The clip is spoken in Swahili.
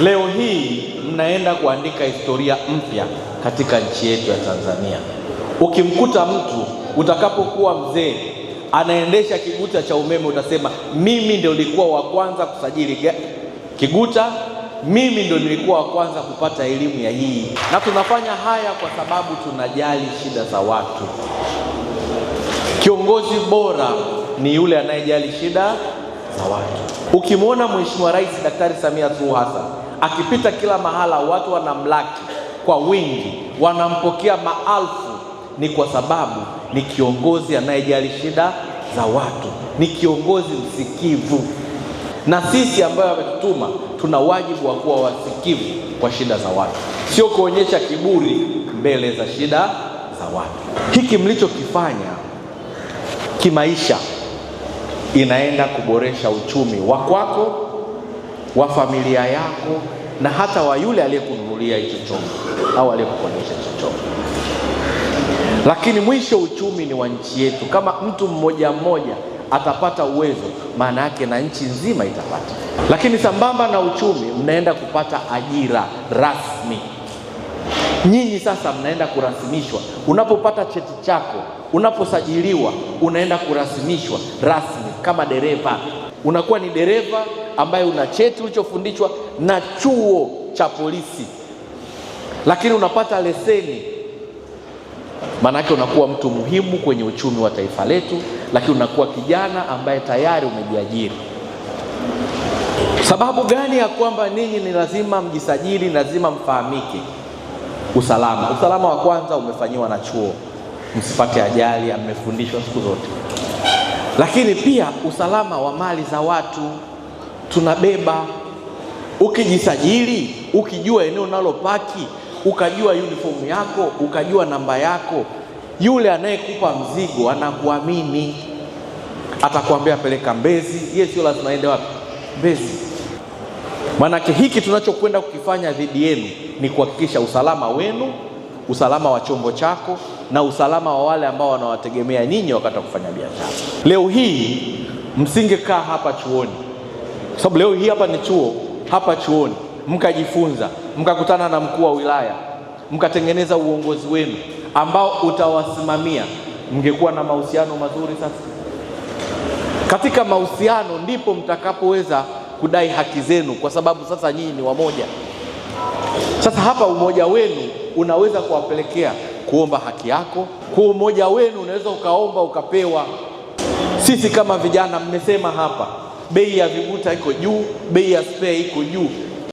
Leo hii mnaenda kuandika historia mpya katika nchi yetu ya Tanzania. Ukimkuta mtu utakapokuwa mzee anaendesha kiguta cha umeme, utasema mimi ndio nilikuwa wa kwanza kusajili kiguta, mimi ndio nilikuwa wa kwanza kupata elimu ya hii. Na tunafanya haya kwa sababu tunajali shida za watu. Kiongozi bora ni yule anayejali shida za watu. Ukimwona Mheshimiwa Rais Daktari Samia Suluhu Hassan akipita kila mahala, watu wanamlaki kwa wingi, wanampokea maalfu. Ni kwa sababu ni kiongozi anayejali shida za watu, ni kiongozi msikivu. Na sisi ambayo ametutuma tuna wajibu wa kuwa wasikivu kwa shida za watu, sio kuonyesha kiburi mbele za shida za watu. Hiki mlichokifanya kimaisha inaenda kuboresha uchumi wa kwako wa familia yako na hata wa yule aliyekununulia hicho chombo au aliyekukondesha hicho chombo. Lakini mwisho, uchumi ni wa nchi yetu. Kama mtu mmoja mmoja atapata uwezo, maana yake na nchi nzima itapata. Lakini sambamba na uchumi, mnaenda kupata ajira rasmi. Nyinyi sasa mnaenda kurasimishwa. Unapopata cheti chako, unaposajiliwa, unaenda kurasimishwa rasmi kama dereva, unakuwa ni dereva ambaye una cheti ulichofundishwa na chuo cha polisi, lakini unapata leseni, maanake unakuwa mtu muhimu kwenye uchumi wa taifa letu, lakini unakuwa kijana ambaye tayari umejiajiri. Sababu gani ya kwamba ninyi ni lazima mjisajili, lazima mfahamike? Usalama. Usalama wa kwanza umefanyiwa na chuo, msipate ajali, amefundishwa siku zote. Lakini pia usalama wa mali za watu tunabeba. Ukijisajili, ukijua eneo unalopaki, ukajua uniform yako, ukajua namba yako, yule anayekupa mzigo anakuamini, atakwambia peleka Mbezi. Yeye sio lazima aende wapi? Mbezi. Maanake hiki tunachokwenda kukifanya dhidi yenu ni kuhakikisha usalama wenu, usalama wa chombo chako na usalama wa wale ambao wanawategemea nyinyi wakati wa kufanya biashara. Leo hii msingekaa hapa chuoni kwa sababu leo hii hapa ni chuo, hapa chuoni mkajifunza, mkakutana na mkuu wa wilaya, mkatengeneza uongozi wenu ambao utawasimamia, mngekuwa na mahusiano mazuri. Sasa katika mahusiano ndipo mtakapoweza kudai haki zenu, kwa sababu sasa nyinyi ni wamoja. Sasa hapa umoja wenu unaweza kuwapelekea kuomba haki yako. Kwa umoja wenu unaweza ukaomba ukapewa. Sisi kama vijana, mmesema hapa bei ya vibuta iko juu, bei ya spare iko juu.